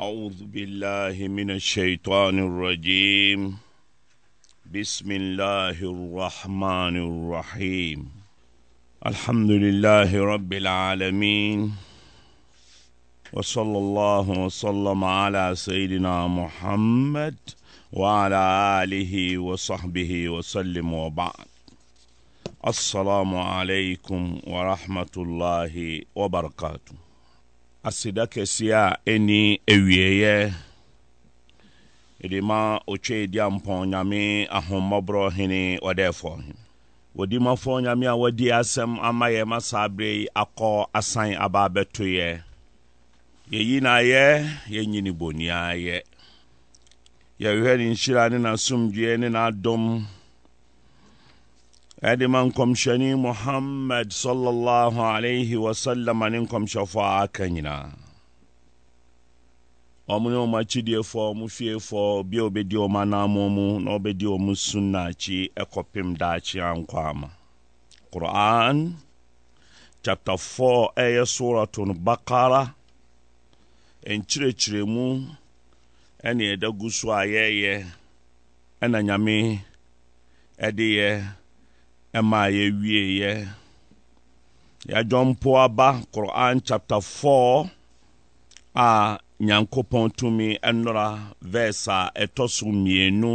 أعوذ بالله من الشيطان الرجيم بسم الله الرحمن الرحيم الحمد لله رب العالمين وصلى الله وسلم على سيدنا محمد وعلى آله وصحبه وسلم وبعد السلام عليكم ورحمة الله وبركاته aseda kɛseɛ a ɛni awieeɛ ɛde ma ɔtwa edi ampɔn nyame ahommɔborɔ hene ɔdɛɛfɔ wɔdimafo nyame a wɔdi asɛm ama yɛ ma saa berɛ yi akɔ asan aba ya yɛyi na ayɛ ya boni ayɛ yɛhwɛ ne nhyira ne ne ma nkɔmhyɛni muhammad sallallahu alaihi wasallam ne nkɔmhyɛfo aka nyinaa ɔmo ne ɔmo efe, ɔmo fiefo obi a obedi ɔmo anamo mu na ɔbɛdi ɔmo sunna akyi ɛkɔpem daakye ankɔ ama quran chapter 4 ɛyɛ suratun bakara nkyerɛkyerɛmu ɛne so a ɛna nyame ɛde ɛma yɛwieeɛ yɛadwɔmpo aba quran chapter four a nyankopɔn tumi ɛnora verse a ɛtɔ so mmienu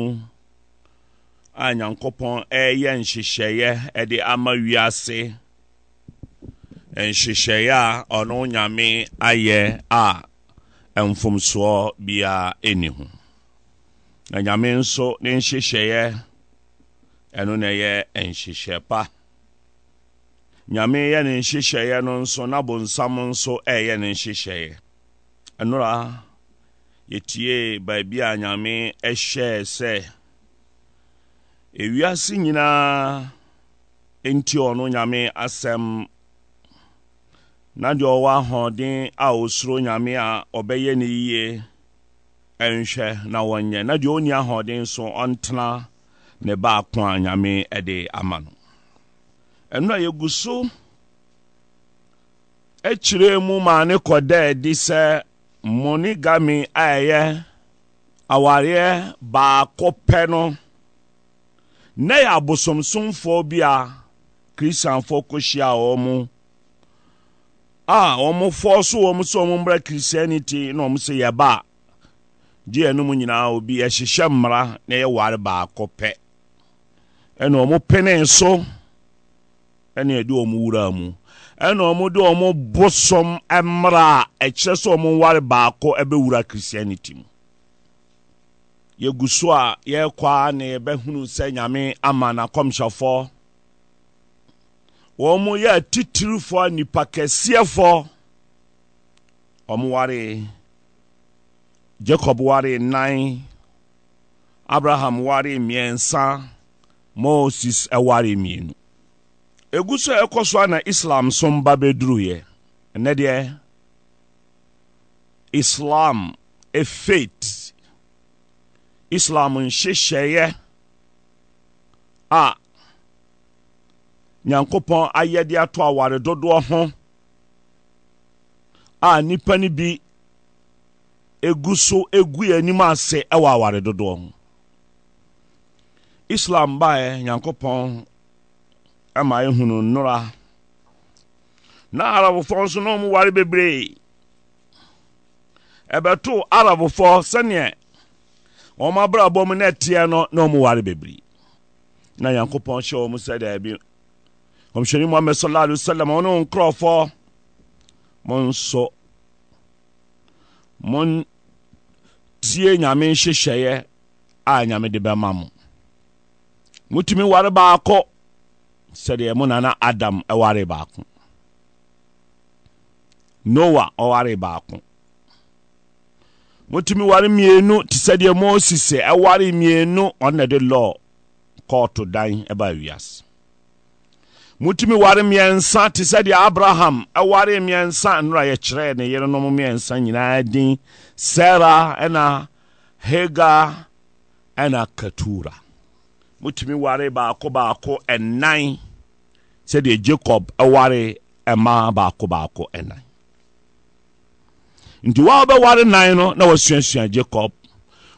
a nyankopɔn ɛɛyɛ nhyehyɛeɛ ɛde ama wiase nhyehyɛeɛ a ɔno nyame ayɛ a ɛmfomsoɔ biara ɛni ho na nyame nso ne nhyehyɛeɛ ɛno na ɛyɛ nhyehyɛ pa nyame yɛ ne nhyehyɛeɛ no nso na bonsam nso ɛyɛ ne nhyehyɛeɛ ɛnora yɛtiee baabi a nyame ɛhyɛɛ sɛ ewiase nyinaa enti ɔno nyame asɛm na deɛ ɔwɔ ahoɔden a ɔsuro nyame a ɔbɛyɛ ne yie ɛnhwɛ na wɔnyɛ na deɛ ɔnni ahoɔden nso ɔntena ne baako a nyame de ama no ɛno a yɛgu so akyire mu ma ne kɔda adi sɛ monogamy a ɛyɛ awareɛ baako pɛ no ne yɛ abosomsomfoɔ bi a kristianfoɔ kɔhyia wɔn mu a wɔmfoɔ so wɔn sɛ wɔn mmra christianity na wɔn sɛ yɛba a gye ɛnom nyinaa obi ɛhyehyɛ mmara na yɛware baako pɛ ɛna ɔmo penee nso ɛna ɛde ɔmo wura mu ɛna ɔmo de ɔmo bosom mmerɛ a ɛkyerɛ sɛ ɔmo nware baako ɛbɛwura christianity mu yɛgu so a yɛrekɔ a na yɛbɛhunu sɛ nyame ama n'akɔmhyɛfoɔ wɔn mo yɛ atitirifoɔ nipa kɛseɛfoɔ ɔmo ware jacob ware nan abraham ware mmiɛnsa moses ɛware mmienu ɛgu so a ɛkɔ so a na islam so mba bɛduruiɛ ɛnɛ deɛ islam ɛfeit islam nhyehyɛeɛ a nyankopɔn ayɛde ato aware dodoɔ ho a nipa no bi ɛgu so ɛgu yɛ anim ase ɛwɔ aware dodoɔ ho islam baeɛ nyankopɔn ma yɛhunu nnora na arabfoɔ nso na ɔmu ware bebree ɛbɛtoo arabfoɔ sɛneɛ ɔma abrabɔ mu na ɛteɛ no na ɔmu ware bebree na nyankopɔn hyɛ wɔ mu sɛ daabi ɔmhyɛni muhammad sallallahu alaihi wasallam ɔne nkurɔfoɔ mo nso tie nyame nhyehyɛeɛ a nyame de bɛma mo motumi ware baakɔ sɛdeɛ mo nana adam ɛware baako noa ɔware baako motumi ware mmienu te sɛdeɛ moses ɛware mmienu ɔna de lɔɔ kɔɔto dan ɛba wiase motumi ware mmiɛnsa te sɛdeɛ abraham ɛware mmiɛnsa nnora yɛkyerɛɛ ne yerenom mmiɛnsa nyinaa din Sarah ɛna hagar ɛna katura mutumi ware baako baako ɛnan sɛdeɛ jacob ɛware ɛma baako baako ɛnan nti wa wobɛware nan no na wasuasua jacob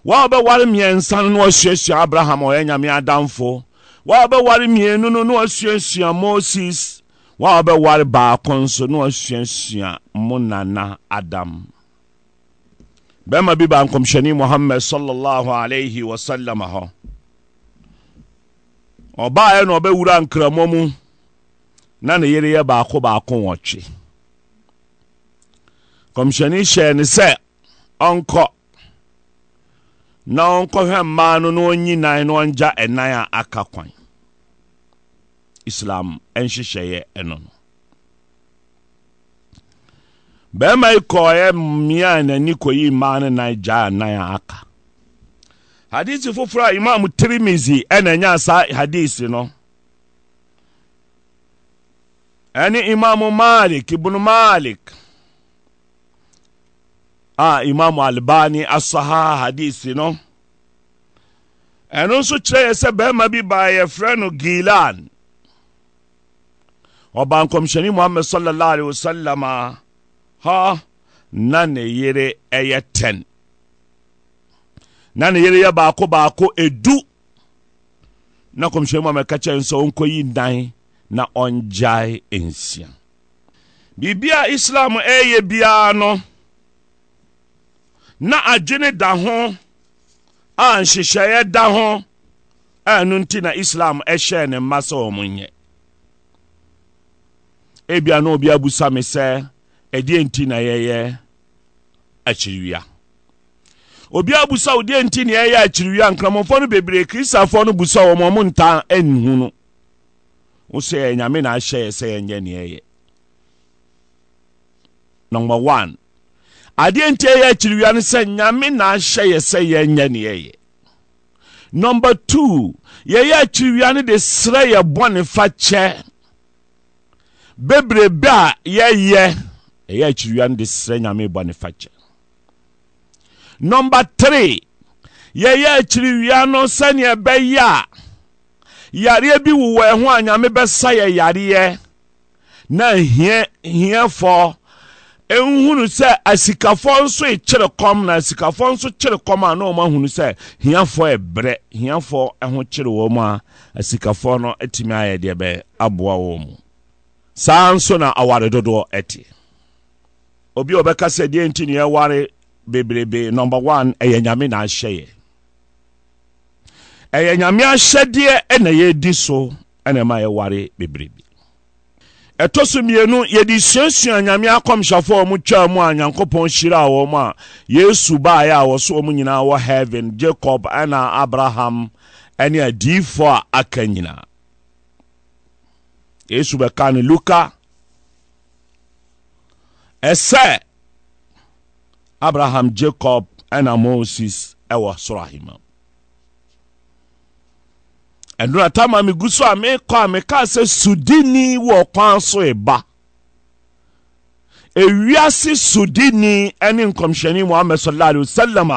wa wobɛware mmiɛnsa no na wasuasua abraham a ɔyɛ nyame adamfo wa wobɛware mmienu no na wasuasua moses wa wobɛware baako nso na wasuasua mo nana adam bɛrima bi ba nkɔmhyɛni muhammad sallallahu alayhi wa sallam hɔ ɔbaaɛ na ɔbɛwura nkramo mu na ne yere yɛ baako baako wɔtwe kɔmhyɛni hyɛɛ ne sɛ ɔnkɔ na ɔnkɔhwɛ mmaa no na ɔnyi nan na ɔngya ɛnan a aka kwan islam ɛnhyehyɛeɛ ɛno no bɛrima yi kɔɔyɛ mmea a n'ani kɔyi mmaa no nan gyaa nan a aka hadisi foforɔ a imam tirimizi ɛna ɛnya saa hadisi no ɛne imam malik ibnu malik a imam albani asaha hadisi no ɛno nso kyerɛ yɛ sɛ bɛrima bi baa yɛfrɛ no gilan ɔba nkɔmhyɛni muhammad sallallahu alaihi wasallam ha na ne yere ɛyɛ ten na ne yere yɛ baako baako edu na kɔmhyɛn mu a mɛka kyɛn sɛ ɔnkɔyi dan na ɔngyae nsia biribi a islam ɛɛyɛ biara no na adwene da ho a nhyehyɛeɛ da ho a ɛno nti na islam ɛhyɛɛ ne mma sɛ wɔn nyɛ ebia na obi abusa me sɛ ɛdeɛ nti na yɛyɛ akyiriwia obi abusa wo deɛ nti nea ɛyɛ akyiriwia nkramofoɔ no bebree kristafoɔ no busa wɔn ɔmo ntaa ɛnhu no wo sɛ nyame na ahyɛ yɛ sɛ yɛnyɛ nea ɛyɛ number one adi nti ɛyɛ akyiriwia no sɛ nyame na ahyɛ yɛ sɛ yɛnyɛ nea ɛyɛ number two yɛyɛ akyiriwia no de serɛ yɛ bɔne fa kyɛ bebrebe a yɛyɛ ɛyɛ akyiriwia no de serɛ nyame bɔne fa kyɛ Number tiri yɛyɛ akyiriwia no sɛnea ɛbɛyɛ a yareɛ bi wowɔ ɛho a nyame bɛsa yɛ yareɛ na hia hiafoɔ e nhunu sɛ asikafoɔ nso kyere kɔm na asikafoɔ nso kyere kɔm a na wɔn ahunu sɛ hiafoɔ ɛbrɛ e hiafoɔ e ho kyere wɔn a asikafoɔ no atumi ayɛ deɛ bɛ aboa wɔn saa nso na aware dodoɔ ɛte obi a ɔbɛka sɛ deɛ nti na yɛware bebrebe number one ɛyɛ nyame na ahyɛ yɛ ɛyɛ nyame ahyɛdeɛ ɛna yɛdi so ɛna ɛma yɛware bebrebe ɛtɔ so mmienu yɛde suasua nyame akɔmhyɛfoɔ a wɔtwaa mu a nyankopɔn hyiraa wɔn a yesu baeɛ a wɔso wɔn nyinaa wɔ heaven jacob ɛna abraham ɛne adiifoɔ a aka nyinaa yesu bɛka no luka ɛsɛ abraham jacob ɛna moses ɛwɔ soro ahema ɛnura tama mi gu so a mekɔ a mekaa sɛ sudini wɔ kwan so ba ewiase sudini ɛne nkɔmhyɛni muhammed sallallahu alaihi wasallam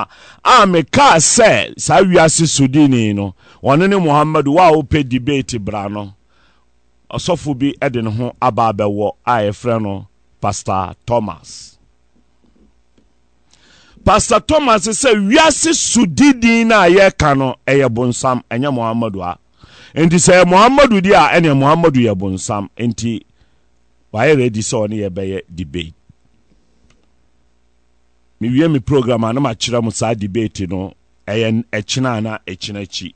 a mekaa sɛ saa wiase sudini no wɔne ne muhammed wa a wopɛ debate bra no ɔsɔfo bi ɛde ne ho aba abɛwɔ a yɛfrɛ no pastor thomas pastor thomas sɛ wiase sodidin no a yɛreka no ɛyɛ bonsam ɛnyɛ muhammadu a nti sɛ muhammadu di a ɛnea muhammadu yɛ bonsam nti wayɛ ready sɛ ɔne yɛbɛyɛ debate mewie me program a na makyerɛ mo saa debate no ɛyɛ ɛkyena ana ɛkyena akyi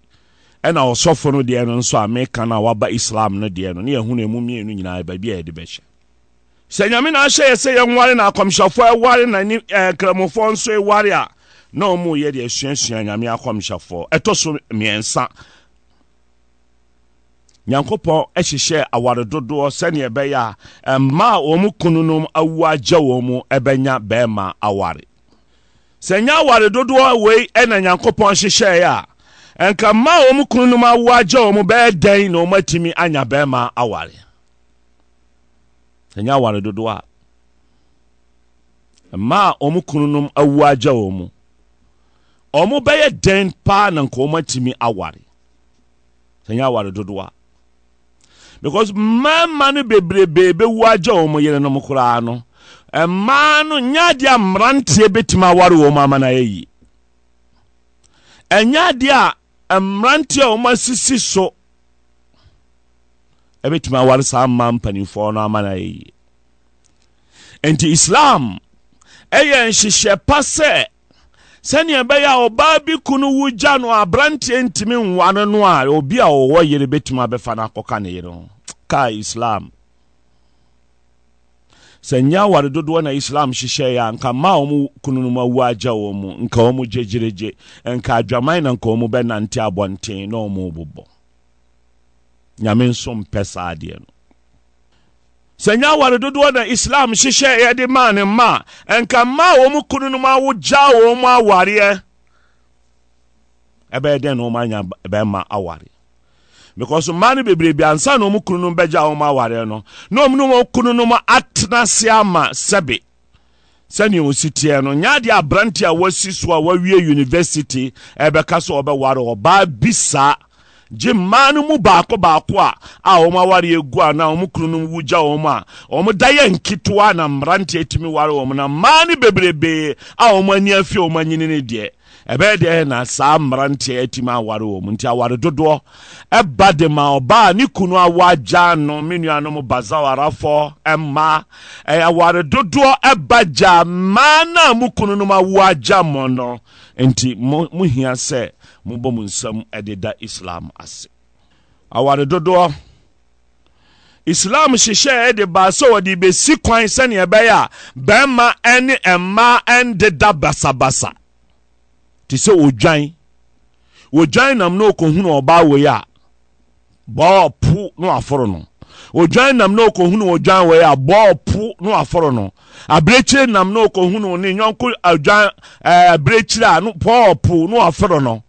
ɛna ɔsɔfo no deɛ no nso a meka no a waba islam no deɛ no ne yɛhu no ɛmu mmienu nyinaa baabi a yɛde bɛhyɛ sɛ nyame na ahyɛ yɛ sɛ yɛnware na akɔmhyɛfoɔ ɛware na ni eh, kramofoɔ nso ɛware a na ɔmu yɛ de asuasua nyame akɔmhyɛfoɔ ɛtɔ so mmiɛnsa nyankopɔn ɛhyehyɛ aware dodoɔ sɛneɛ ɛbɛyɛ a mma a wɔn mu kununom awu agya wɔn mu ɛbɛnya bɛrima aware sɛ nyɛ aware dodoɔ wei ɛna nyankopɔn hyehyɛeɛ a nka mma a wɔn mu kununom awu agya wɔn mu bɛyɛ dɛn na wɔn atumi anya bɛrima aware ɛnyɛ aware dodoɔ a mmaa a wɔn kununom awu agya wɔn mu wɔn bɛyɛ dɛn paa na nka wɔn atumi aware ɛnyɛ aware dodoɔ a because mmarima no bebrebe bɛwu agya wɔn yerenom koraa no mmaa no nyɛ adeɛ a mmeranteɛ bɛtumi aware wɔn ama no ayɛ yie ɛnyɛ a mmeranteɛ a wɔn asisi so ɛbɛtumi aware saa mma mpanimfoɔ no ama no ayɛ yie enti islam ɛyɛ nhyehyɛ pa sɛ sɛnea ɛbɛyɛ a ɔbaa bi kunu wu gya no aberanteɛ ntumi nware no a obi a ɔwɔ yere bɛtumi abɛfa no akɔka ne yere ho kaa islam sɛ nyɛ aware dodoɔ na islam hyehyɛeɛ a nka ma wɔn kunu no mu awu agya wɔn mu nka wɔn gye gyiregye nka adwaman na nka wɔn bɛnante abɔnten na wɔn rebobɔ nyame nso mpɛ saa adeɛ no sɛ nyɛ aware dodoɔ na islam hyehyɛ yɛde maa ne mma ɛnka mmaa wɔ mu kunu no mu awo gyaa mu awareɛ ɛbɛyɛ dɛn na wɔn anya bɛrima aware because mmaa no bebrebe ansa na wɔn kunu no bɛgya wɔn awareɛ no na wɔn ne wɔn kunu no mu atena ase ama sɛbe sɛnea wɔsi teɛ no nyɛ adeɛ aberante a wasi so a wawie university ɛbɛka so ɔbɛware ɔbaa bi saa gye mmaa no mu baako baako a a wɔn awareɛ gu anaa wɔn kunu no mu gya wɔn a wɔn da yɛ nketewa na mmeranteɛ tumi ware wɔn na mmaa no bebrebee a wɔn ani afi wɔn anyini ne deɛ ɛbɛyɛ deɛ na saa mmeranteɛ atumi aware wɔn nti aware dodoɔ ɛba de ma ɔbaa ne kunu a wagya no me nuanom bazawarafoɔ ɛyɛ aware dodoɔ ɛba gya mmaa no a mu kunu no ma wagya mo no nti mo hia sɛ mobɔ mo nsam ɛde da islam ase aware dodoɔ islam hyehyɛ ɛde baa sɛ wɔde bɛsi kwan sɛneɛ ɛbɛyɛ a bɛrima ɛne ɛmmaa ɛndeda basabasa te sɛ odwan odwan nam na ɔkɔhunu ɔbaa wei a bɔɔpo na waforo no odwan nam na okohunu odwan wɔ yɛ abɔ no afɔro no abirekyire nam na okohunu ne nyɔnko odwan eh, ɛɛ abirekyire a no pɔɔpo no afɔro no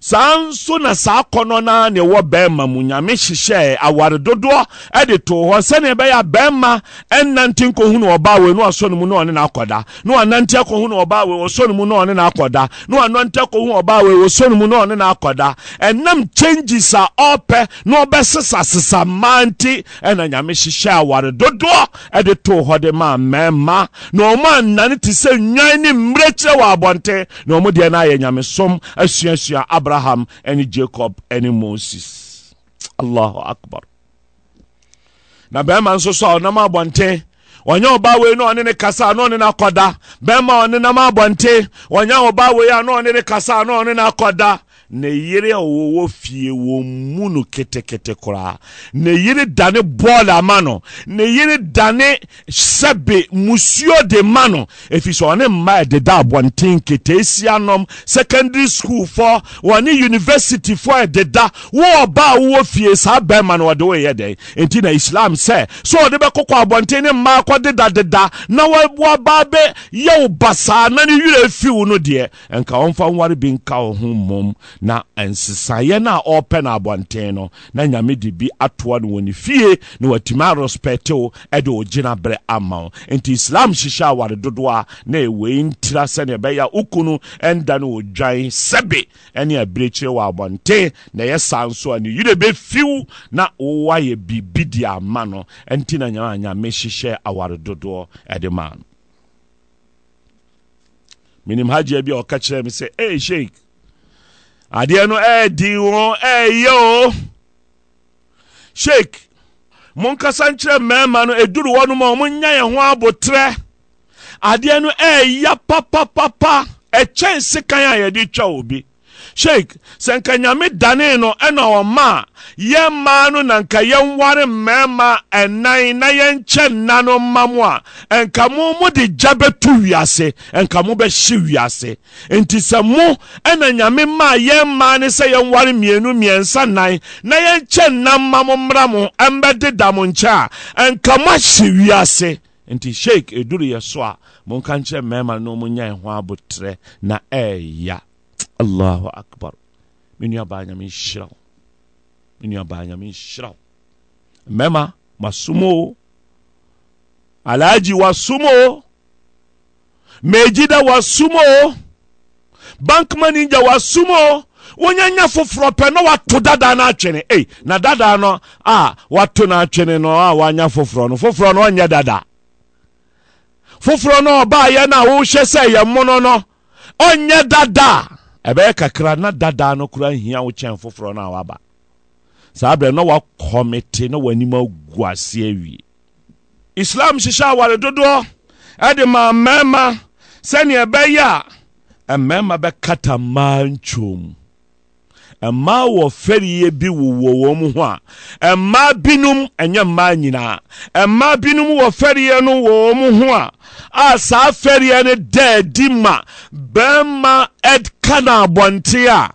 saa nso na saa kɔnɔ naa na ɛwɔ bɛrima mu nyame hyehyɛ aware dodoɔ ɛde to hɔ sɛnea ɛbɛyɛ a bɛrima ɛnante nkɔhunu ɔbaa wei na ɔsɔ ne mu na ɔne n'akɔda na ɔnante akɔhunu ɔbaa wei ɔsɔ ne mu na ɔne n'akɔda na ɔnante akɔhunu ɔbaa wei ɔsɔ ne mu na ɔne n'akɔda ɛnam changes a ɔpɛ na ɔbɛsesa sesa mmaa nti ɛna nyame hyehyɛ aware dodoɔ ɛde to hɔ de maa mmarima na wɔn anane te sɛ nnwan ne mmerɛkyerɛ wɔ abɔnten na wɔn deɛ no ayɛ nyamesom asuasua aba Abraham ɛne Jacob ɛne Moses Allahu Akbar na bɛrima nso so a ɔnam abɔnten wɔnyɛ ɔbaa wei na ɔne ne kasa na ɔne no akɔda bɛrima ɔne nam abɔnten wɔnyɛ ɔbaa wei a na ɔne ne kasa na ɔne no ne yere a wɔwɔ fie wɔ mu no ketekete koraa ne yere dane bɔɔl ama no ne yere dane sɛbe musuo de ma no ɛfiri sɛ ɔne mma ɛdeda abɔnten keteesia nom secondary school fɔ wɔne university fɔ ɛdeda wo ɔba a wowɔ fie saa bɛrima no ɔde woyɛ dɛn enti na islam sɛ sɛ ɔde bɛkɔkɔ abɔnten ne mmaa kɔdedadeda na wɔba bɛ yɛ wo basaa na ne werɛ afi no deɛ ɛnka ɔmfa nware bi nka wo ho mmom na nsesaeɛ no a ɔrepɛ no abɔnten no na nyame de bi atoa no wɔ ne fie na watumi arespɛtew ɛde ogyina berɛ ama wo nti islam hyehyɛ aware dodoɔ a na ɛwei ntira sɛneɛ ɛbɛyɛ a woku no ɛnda no wɔdwan sɛbe ɛne abirekyire wɔ abɔnten na ɛyɛ saa nso a ne yere bɛfiw na wowayɛ biribi de ama no nti na nyame a nyame hyehyɛ aware dodoɔ ɛde ma no menim hagyea bi a ɔka kyerɛ me sɛ e sheik adeɛ no ɛɛdi wɔn ɛɛyɛ o sheik monkasa nkyerɛ mmarima no eduru wɔn mu a wɔn nya yɛn ho abotrɛ adeɛ no ɛɛya papapapa ɛkyɛn sekan a yɛde twa obi sheik sɛ nka danee no ɛna ɔma a yɛn mmaa no na nka yɛnware mmarima ɛnan na yɛnkyɛ nna no mma mu a ɛnka mo mo de gya bɛtu wiase ɛnka mo bɛhye wiase nti sɛ mo ɛna nyame ma a yɛn mmaa ne sɛ yɛnware mmienu mmiɛnsa nan na yɛnkyɛ nna mma mo mmra mo ɛmbɛdeda mo nkyɛ a ɛnka mo ahye wiase nti sheik eduru yɛ so a monka nkyerɛ mmarima no mo nya ɛho abotrɛ na ɛɛya e allahu akbar me nua baa nyame nhyira wo me nua baa nyame nhyira wo mmarima masom o alaaji wasom o mejida wasom o bank manager wasom o wonyanya foforɔ pɛ na wato dadaa no ah, atwene ei ah, na dadaa no a wato no atwene no a wanya foforɔ no foforɔ no ɔnyɛ dadaa foforɔ no ɔbaayɛ no a wohyɛ sɛ yɛ mono no ɔnyɛ dadaa ɛbɛyɛ kakra na dadaa no kora hia wo kyɛn foforɔ no a waba saa berɛ na wakɔmete na w'anim agu ase awie islam hyehyɛ aware dodoɔ ɛde ma mmarima sɛnea ɛbɛyɛ a mmarima bɛkata mmaa ntwom mmaa wɔ fɛriyɛ bi wowɔ wɔn mu ho a mmaa binom ɛnyɛ mmaa nyinaa mmaa binom wɔ fɛriyɛ no wɔ wɔn ho a a saa fɛriyɛ no dɛɛdi ma bɛrima ɛka na abɔnte a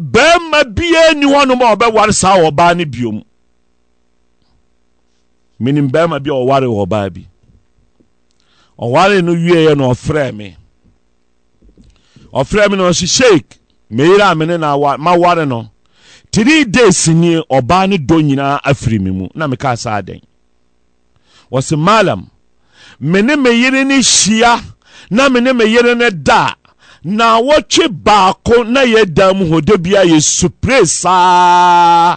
bɛrima biara ni hɔnom a ɔbɛware saa ɔbaa no biom menim bɛrima bi a ɔware ɔbaa bi ɔware no wieɛ na ɔfrɛ me ɔfrɛ me na ɔsi sheik meyere amene na maware no three days ni ɔbaa ne dɔ nyinaa afiri me mu na meka saa dɛn wɔse malam me ne me yere ne hyia na me ne me yere ne da na wɔtwe baako na yɛ dan mu hɔ da bia yɛ supre saa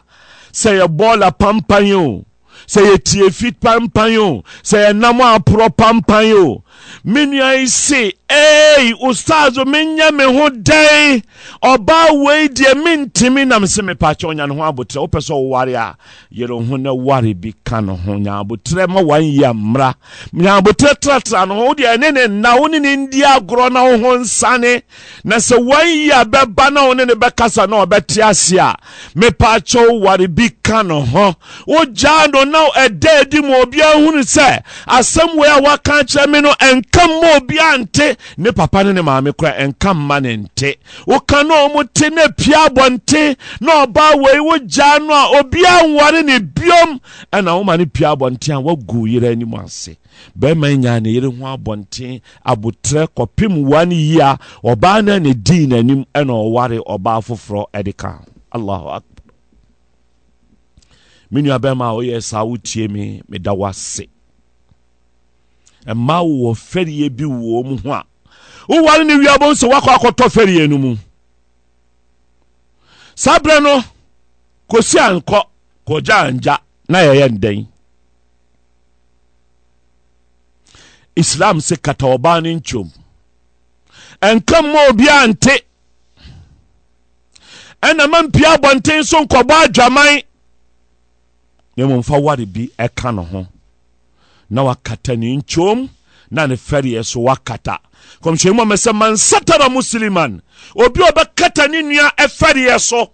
sɛ yɛ bɔɔla pampan o sɛ yɛ tie fi pampan o sɛ yɛ nam aporɔ pampan o me nua yi se ee ustaazo menyɛ me ho dɛn ɔbaa wei deɛ mentimi nam se mepakyɛ ɔnya ne ho abotrɛ wopɛ sɛ woware a yɛre ho na ware bi ka ne ho nya abotrɛ ma wanyɛ mmara nya abotrɛ tratra no ho wode ɛne ne nna wo ne ne ndi agorɔ na wo ho nsane na sɛ wanyɛ a bɛba na wo ne ne bɛkasa na ɔbɛte ase a mepakyɛ woware bi ka ne ho wogyaa no na ɛda adi ma obiaa hunu sɛ asɛm wei a woaka kyerɛ me no ɛn ɛnka mma a nte ne papa no ne maame kora ɛnka mma ne nte woka na ɔmo te na pia nte na ɔbaa wei wo gyaa no a obia nware ne biom ɛna woma no pia abɔnte a woagu yere anim ase bɛrima nyaa ne yere ho abɔnten abotrɛ kɔpem one yia ɔbaa no ne dii n'anim ɛna ɔware ɔbaa foforɔ ɛde ka allahu akbar me nua a woyɛ saa wotie me meda wo ase ɛma wowɔ fɛriɛ bi wɔ mu ho a woware ne wiabɔ sɛ woakɔ akɔtɔ fɛriɛ no mu saa berɛ no kɔsi ankɔ kɔgya angya na yɛyɛ ndɛn islam sɛ kata ɔbaa no ntwom ɛnka mma obiaa nte ɛna ma mpia abɔnten so nkɔbɔ adwaman na mmom ware bi ɛka no ho na wakata ne nkyom na ne fɛreɛ so wakata kɔmhyɛni mu sɛ man satara musliman obi a ɔbɛkata ne nua fɛreɛ so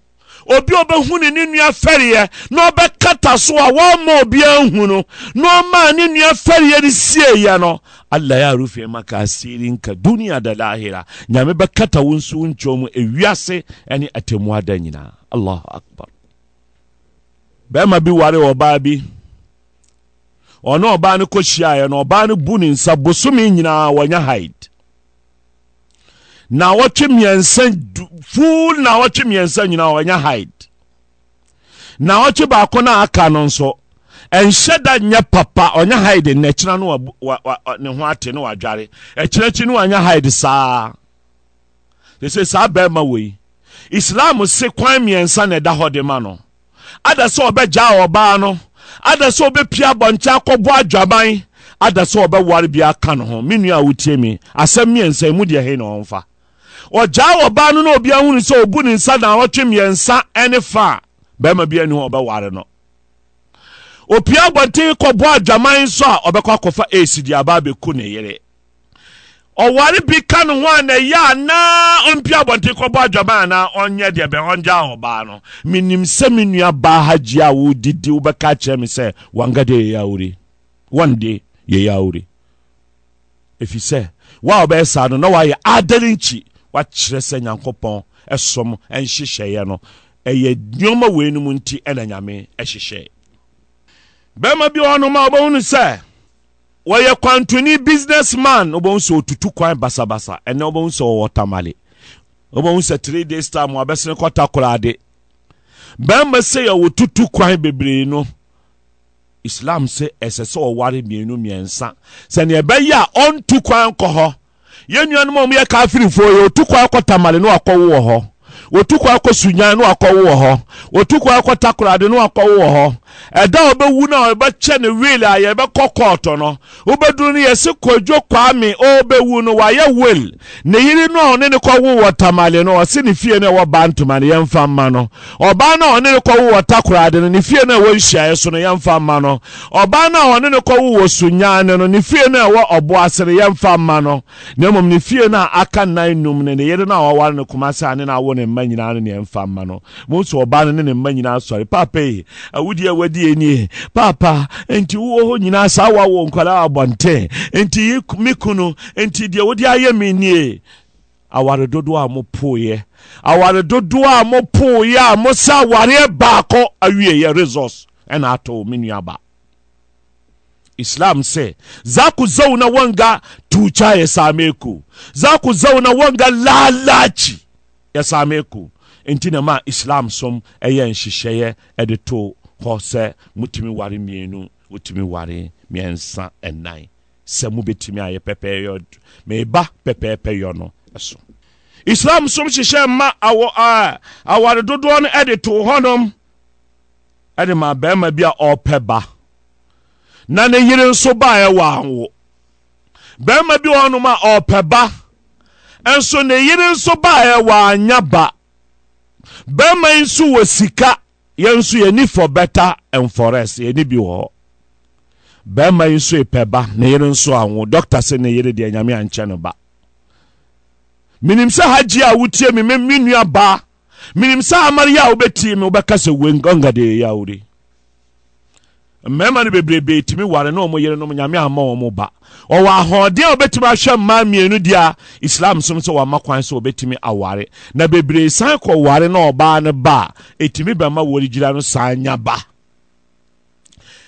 obi a ɔbɛhunu ne nua fɛreɛ na ɔbɛkata so a wɔma obiara hu no na ɔmaa ne nua fɛreɛ no sieeɛ no allah ya rufe maka asirinka duniya da lahira nyame bɛkata wo nso wo nkyɛw mu ewiase ne atemmuada nyinaa allahu akbar bɛrima bi ware ɔbaa bi ɔne ɔbaa no kɔhyiaeɛ na ɔbaa no bu ne nsa bosome nyinaa wɔnyɛ haid na wɔtwe mmiɛnsa fuu na wɔtwe mmiɛnsa nyinaa wɔnyɛ haid na wɔtwe baako no aka no nso ɛnhyɛ da nyɛ papa ɔnyɛ haid nnɛ kyina no ne ho ate ne wadware akyinakyi no wanyɛ haid saa sɛ saa bɛrima wei islam se kwan mmiɛnsa na ɛda hɔ de ma no ada sɛ ɔbɛgyaa ɔbaa no ada sɛ wobɛpia abɔnkyɛ akɔbɔ adwaban ada sɛ wɔbɛware bi aka no ho me nua a wotie mi asɛm mmiɛnsa mu deɛ hei na ɔmfa ɔgyaa wɔbaa no na obia hunu sɛ ɔbu ne nsa naawɔtwe mmiɛnsa ne fa a bɛrima bi ani hɔ ɔbɛware no opia abɔnten kɔbɔ adwaman so a ɔbɛkɔ akɔfa ɛsidiaba bɛku ne yere ɔware bi ka ne ho a na ɛyɛ na ɔmpi abɔnten kɔbɔ adwama anaa ɔnyɛ deɛ bɛn ɔngya ɔbaa no menim sɛ me nua baa ha gye a wodidi wobɛka akyerɛ me sɛ wanka deɛ yɛyɛ awore wɔnde yɛyɛ awore ɛfiri sɛ woa wɔbɛyɛ saa no na woayɛ adane nkyi woakyerɛ sɛ nyankopɔn ɛsom ɛnhyehyɛeɛ no ɛyɛ nneɔma wei no mu nti ɛna nyame ɛhyehyɛe bɛrima bi wɔ a wobɛhu sɛ wɔyɛ kwantoni business man wobɛhu sɛ ɔtutu kwan basabasa ɛnɛ wobɛhu sɛ wɔwɔ tamale wobɛhu sɛ three days time wabɛsene kɔta korade bɛrima sɛ yɛ wɔtutu kwan bebree no islam sɛ ɛsɛ sɛ ɔware mmienu mmiɛnsa sɛneɛ ɛbɛyɛ a ɔntu kwan kɔ hɔ yɛn nuanom a ɔmyɛ kafirifoɔ yɛ ɔtu kwan kɔ tamale no akɔwo hɔ wotu kɔ akɔ sunyan no akɔwo wɔ hɔ wotu kɔ akɔ takoradi no akɔwo wɔ hɔ ɛda a ɔbɛwu no a ɔbɛkyɛ ne will a yɛbɛkɔ kɔɔtɔ no wobɛduru no yɛsi kodwo kwame ɔbɛwu no wayɛ will ne yiri no a ɔne ne kɔwo wɔ tamale no ɔsi ne fie no ɛwɔ ba ntoma no yɛmfa mma no ɔbaa no a ɔne ne kɔwo wɔ takoradi no ne fie no ɛwɔ nhyiaeɛ so no yɛmfa mma no ɔbaa no a ɔne ne kɔwo wɔ sunyan no ne fie no ɛwɔ ɔboase no yɛmfa mma no na mmom ne fie no a aka nnan num no ne yere no a ɔware no kumase a ne awo ne mma mma nyinaa no neɛ mfa mma no mose ɔbaa no ne ne mma nyinaa sɔre papa yi awodeɛ wadie nie papa nti wowɔ hɔ nyinaa saa woawɔ nkwadaa abɔnten nti me kunu nti deɛ wodi ayɛ mi nie aware dodoɔ a mopoeɛ aware dodoɔ a mopoeɛ a mosa awareɛ baakɔ awieɛ resource ɛna atɔ me nuaba islam sɛ za ku zauna wanga tuca ya same ku za ku zauna wanga yɛsame ku nti na ma islam som ɛyɛ nhyehyɛeɛ de to hɔ sɛ motumi ware mmienu wotumi ware mmiɛnsa ɛnan sɛ mobɛtumi ayɛ pɛpɛɛyɔ meba pɛpɛɛpɛyɔ no ɛso islam som hyehyɛ ma aware dodoɔ no de to hɔnom ɛde ma barima bi a ɔrepɛ ba na ne yere nso baeɛ wɔ anwo barima bi hɔnom a ɔrepɛ ba nso ne yere nso baeɛ wɔanya ba bɛrima yi nso wɔ sika yɛn nso yɛni fɔ bɛta mfɔrɛs yɛni bi wɔ hɔ bɛrima yi nso epɛ ba ne yere nso anwo dɔkta sɛ ne yere deɛ nyame ankyɛ no ba minim sɛ hagye a wotie mi me nua baa minim sɛ amare a wobɛtie mi wobɛka sɛ wengangadeɛ yɛ awore mmarima no bebrebe tumi ware na ɔmo yerenom nyame ama ɔmo ba ɔwɔ ahoɔden a wɔbɛtumi ahwɛ mmaa mmienu deɛ a islam som sɛ wɔama kwan sɛ wɔbɛtumi aware na bebree san kɔ ware na ɔbaa no ba a ɛtumi bɛma wɔregyira no saa nya ba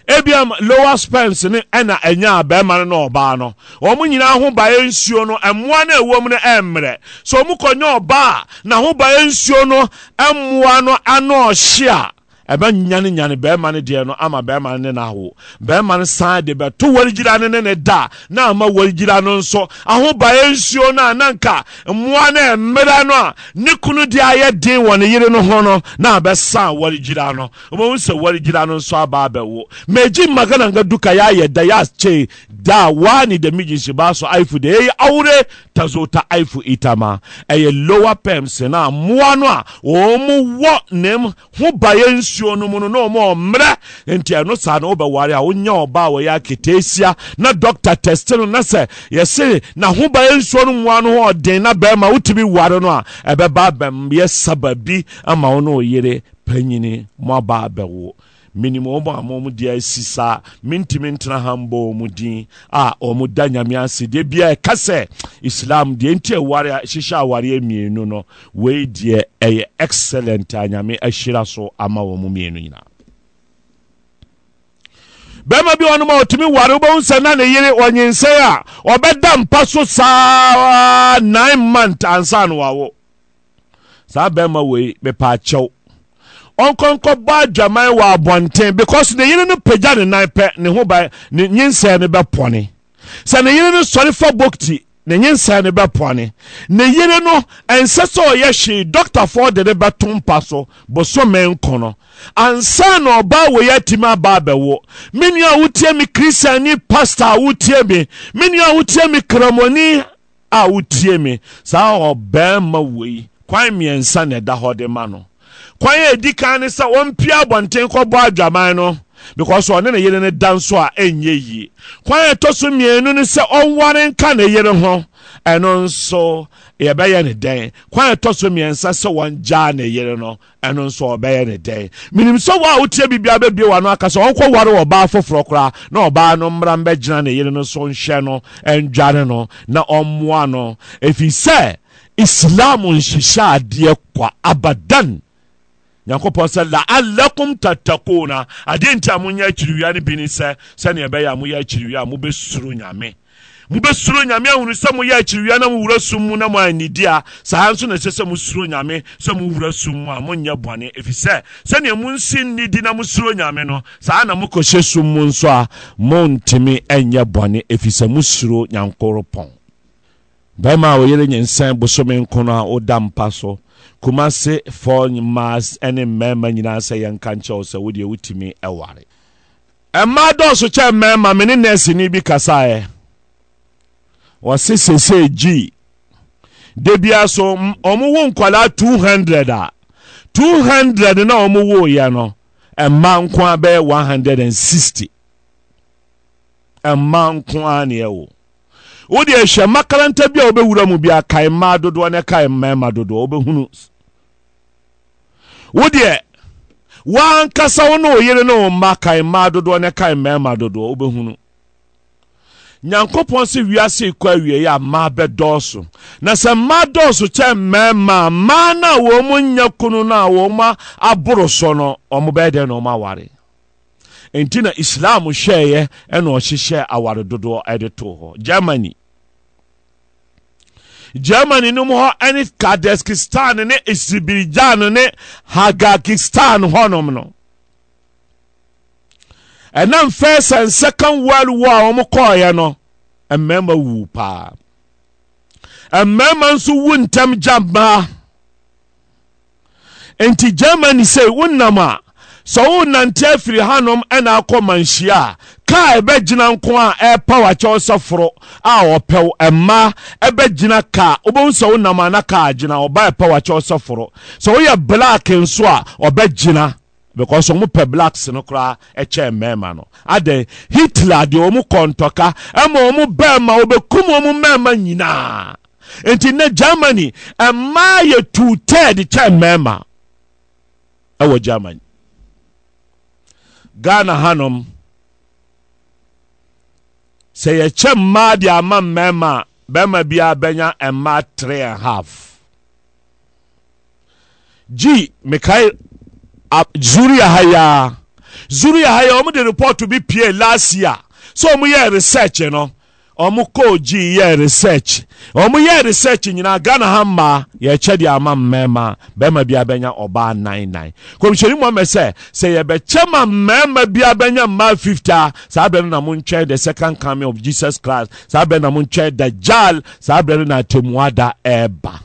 ebiam lower spence ne ɛna ɛnya bɛrima no na ɔbaa no wɔn nyinaa ho baeɛ nsuo no mmoa no ɛwɔ mu no ɛmmerɛ so wɔn nye ɔbaa na ho baeɛ nsuo no mmoa no ano ɔhye ɛbɛ nyane nyane bɛrima no deɛ no ama bɛrima no ne no aho bɛrima no san de bɛto wɔregyira no ne ne da na ama wɔregyira no nso ahobaeɛ nsuo no a na nka mmoa no ɛmmera no a ne kunu deɛ ayɛ den wɔ ne yere no ho no na abɛsan wɔregyira no wɔbɛhu sɛ wɔregyira no nso aba abɛwo megye magana duka yɛayɛ da yɛakyɛe da waa ne dɛm gyinsi baa so aifu de ɛyɛ awore tazota aifu itama ɛyɛ lower pems na mmoa no a wɔn mu wɔ nem ho baeɛ nsuo nsuo no mu no na ɔmo ɔmmerɛ nti ɛno saa na wobɛware a wonya ɔbaa wɔyɛ aketeesia na dɔkta tɛste no na sɛ yɛse n'ahobɛyɛ nsuo no mmoa no ho ɔden na bɛrima wotumi ware no a ɛbɛba abɛmyɛ sababi ama wo ne wo yere panyini mo abaa bɛwo menim wɔn a wɔn de asi saa mentumi ntena ha mbɔ wɔn din a wɔn da nyame ase deɛ biara ɛka e sɛ islam deɛ nti e aware hyehyɛ awareɛ mmienu no wei deɛ ɛyɛ e excellent a nyame ahyira so ama wɔn mmienu nyinaa bɛrima bi wɔn a ɔtumi ware wobɛhu sɛ na ne yere ɔnyinsɛn a ɔbɛda mpa so saa nine month ansa no wawo saa bɛrima wei mepaakyɛw ɔnkɔnkɔ bɔ adwaman wɔ abɔnten because ne yere no pagya ne nan pɛ ne ho ba ne nyinsɛn no bɛpɔne sɛ ne yere no sɔre fa bokiti ne nyinsɛn no bɛpɔne ne yere no ɛnsɛ sɛ ɔyɛ hwee dɔktafoɔ de ne bɛto mpa so bosome nkɔnɔ ansa na ɔbaa wɔ yɛ atimi aba abɛwo me a wotie me kristiani pastor a wotie me me a wotie me kramoni a wotie mi saa ɔbɛrima wei kwan mmiɛnsa na ɛda hɔ de ma no kwan a ɛdi kan ne sɛ wɔmpia abɔnten kɔbɔ adwaman no because ɔne ne yere ne da nso a ɛnyɛ yie kwan a ɛtɔ so mmienu ne sɛ ɔnware nka ne yere ho ɛno nso yɛbɛyɛ ne dɛn kwan a ɛtɔ so mmiɛnsa sɛ wɔngyaa ne yere no ɛno nso ɔbɛyɛ ne dɛn menim sɛ wo a wotie biribia bɛbie wa no aka sɛ ɔnkɔware ɔbaa foforɔ koraa na ɔbaa no mmra mbɛgyina ne yere no so nhwɛ no ɛndwane no na ɔmmoa no ɛfiri sɛ islam nhyehyɛ adeɛ kwa abadan nyankopɔn sɛ laalakum tatakuna adeɛ nti a monyɛ akyiriwia no bi ne sɛ sɛneɛ ɛbɛyɛ a moyɛ akyiriwia a mobɛsuro nyame mobɛsuro nyame ahunu sɛ moyɛ akyiriwia na mowura sum mu na moannidi a saa nso na ɛsɛ sɛ mosuro nyame sɛ mowura sum mu a monyɛ bɔne ɛfiri sɛ sɛneɛ monsi nnidi na mosuro nyame no saa na mokɔhyɛ sum mu nso a montumi ɛnyɛ bɔne ɛfiri sɛ mosuro nyankoropɔn bɛrima a ɔyere nyensan bosome nkono a woda mpa so kumase fɔ mmaas ɛne mmarima nyinaa sɛ yɛnka nkyɛw sɛ wodeɛ wotumi ɛware mmaa dɔɔso kyɛ mmarima me eh, ne nɛɛseni bi kasaeɛ wɔse sesei gyi da bia so ɔmowo nkwadaa 200 a 200 na ɔmowoeɛ no mma nko one hundred and sixty. nko a ne ɛwo wode ɛhyɛ makaranta bi a wobɛwura mu bia kae mmaa dodoɔ ne kae mmarima dodoɔ wobɛhunu wodeɛ wankasa wo ne wo yere ne wo mma kae mmaa dodoɔ ne kae mmarima dodoɔ wobɛhunu nyankopɔn sɛ wiase kɔ awie yɛ a mmaa bɛdɔɔso na sɛ mmaa dɔɔso kyɛ mmarima a mmaa no a wɔn mu nya kunu no a wɔn mu aboro so no wɔn bɛyɛ dɛn na wɔn aware nti na islam hyɛeɛ ɛna ɔhyehyɛ aware dodoɔ ɛde too hɔ germany germany no mu hɔ ne kadeskistan ne isibirijan ne hagakistan hɔnom no ɛnam first and second world war a wɔn no mmarima wu paa mmarima nso wu ntɛm gya mmaa nti germany sɛ wonam a sɛ nante afiri hanom ɛna akɔ manhyia kaa ɛbɛgyina nko a ɛɛpa wakyɛw sɛ a ɔpɛw ɛma ɛbɛgyina kaa wobɛhu sɛ wo nam ana kaa gyina ɔba ɛpa wakyɛw sɛ foro yɛ woyɛ black nso a ɔbɛgyina because wɔn pɛ blacks no koraa ɛkyɛ mmarima no adɛ hitler deɛ wɔn kɔntɔka ɛma wɔn bɛrima wɔbɛkum wɔn mmarima nyinaa nti ne germany mmaa yɛ two third kyɛ mmarima ɛwɔ germany ghana hanom sɛ yɛkyɛ mmaa de ama mmarima a barima biara bɛnya mmaa three and half gyi mekae zuri ahaya zuri ahaya wɔn de report bi pie last year so wɔn yɛ research you no. Know? ɔmo kɔɔ gyi yɛ research ɔmo yɛ research nyinaa ghana ha mmaa yɛkyɛ deɛ ama mmarima bɛrima bi abɛnya ɔbaa nan nan kɔmhyɛni mu ɔmɛ sɛ sɛ yɛbɛkyɛ ma mmarima bi abɛnya mmaa fifty a saa abɛn no na mo nkyɛn the second coming of jesus christ saa abɛn na mo nkyɛn the jal saa abɛn no na temuada ɛɛba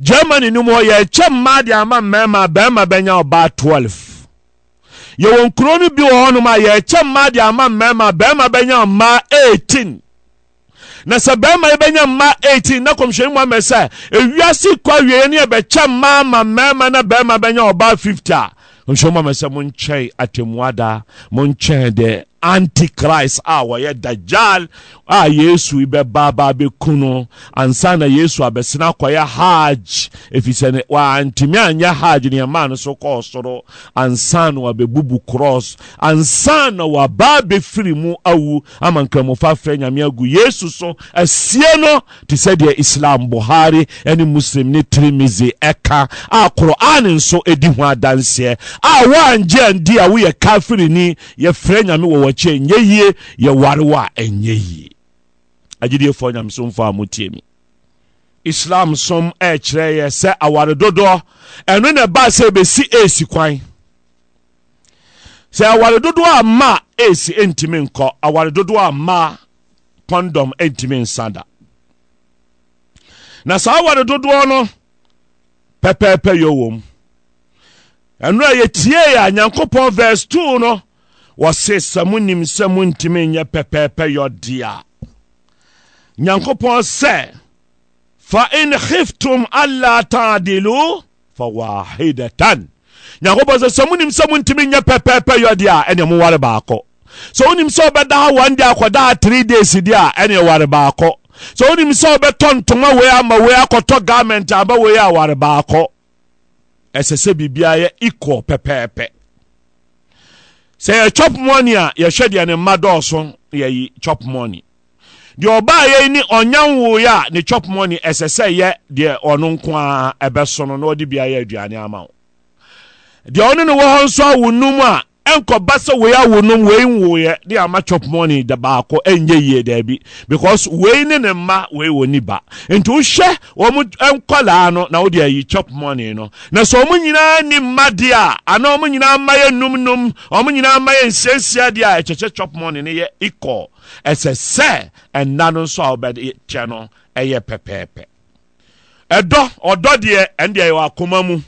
germany no mu hɔ yɛkyɛ mmaa deɛ ama mmarima bɛrima bɛnya ɔbaa twelve yɛwɔ nkuro no bi wɔ hɔnom a yɛkyɛ mmaa deɛ ama mmarima bɛrima bɛnya mmaa eighteen na sɛ bɛrima yɛbɛnya mma 18 na kɔmhyɛni amɛ sɛ ewiase kɔ awiei ne yɛbɛkyɛ mmaa ma mmarima na bɛrima bɛnya ɔbaa 50 a kɔmhyɛni amɛ sɛ monkyɛn atemmuada monkyɛn deɛ antichrist a ah, wɔyɛ dajjal a ah, yesu bɛba aba abɛku no ansa na yesu abɛsena akɔyɛ hajj ɛfiri sɛ wantumi anyɛ hajj ne ɛmaa no so kɔɔ soro ansa na wabɛbubu cross ansa na waba abɛfiri mu awu ama nkramofa frɛ nyame agu yesu so asie e, no te sɛ deɛ islam buhari ɛne muslim ne tirimizi ɛka a kor'an nso ɛdi e, ho adanseɛ a woangye andi a woyɛ kafirini yɛfrɛ nyame wɔ akyɛ ɛnyɛ yie yɛware wɔ a ɛnyɛ yie agyediefoɔ nyamesomfo a motie mi islam som ɛɛkyerɛ yɛ sɛ aware dodoɔ ɛno na ɛbaa sɛ ɛbɛsi ɛɛsi kwan sɛ aware dodoɔ a mmaa ɛɛsi ɛntumi nkɔ aware dodoɔ a mmaa kɔndɔm ɛntumi nsa na saa aware dodoɔ no pɛpɛɛpɛ yɛ wɔ mu ɛno a yɛtiee a nyankopɔn verse 2 no wɔse sɛ monim sɛ montimi nyɛ pɛpɛɛpɛ yɔde a nyankopɔn sɛ fa in khiftum alla tadilu fa wahidatan nyankopɔn sɛ sɛ monim sɛ montimi nyɛ pɛpɛɛpɛ yɔde a ɛneɛ moware baakɔ sɛ wonim sɛ wobɛda ha one day akɔda three days deɛ a ɛneɛ ware baakɔ sɛ wonim sɛ wobɛtɔ ntoma wei ama wei akɔtɔ garment aba wei a ware baakɔ ɛsɛ sɛ biribiaa yɛ equal pɛpɛɛpɛ sɛ yɛ chop money a yɛhwɛ deɛ ne mma dɔɔso yɛyi chop money deɛ ɔbaa yɛ ni ɔnyanwoeɛ a ne chop money ɛsɛ sɛ yɛ deɛ ɔno nko a ɛbɛso no na ɔde bia yɛ aduane ama wo deɛ ɔne ne wɔ hɔ nso awo num a ɛnkɔba sɛ wei awo nom wei nwoeɛ de ama chop money da baako ɛnyɛ yie daabi because wei ne ne mma wei wɔ ni ba nti wohyɛ wɔn nkɔlaa no na wode ayi chop money no na sɛ wɔn nyinaa ni mma deɛ a anaa wɔn nyinaa mma yɛ num num nyinaa mma yɛ nsiasia deɛ a ɛkyɛkyɛ chop money no yɛ ikɔ ɛsɛ sɛ ɛnna no nso a wɔbɛkyɛ no ɛyɛ pɛpɛɛpɛ ɛdɔ ɔdɔ deɛ ɛn deɛ wɔ akoma mu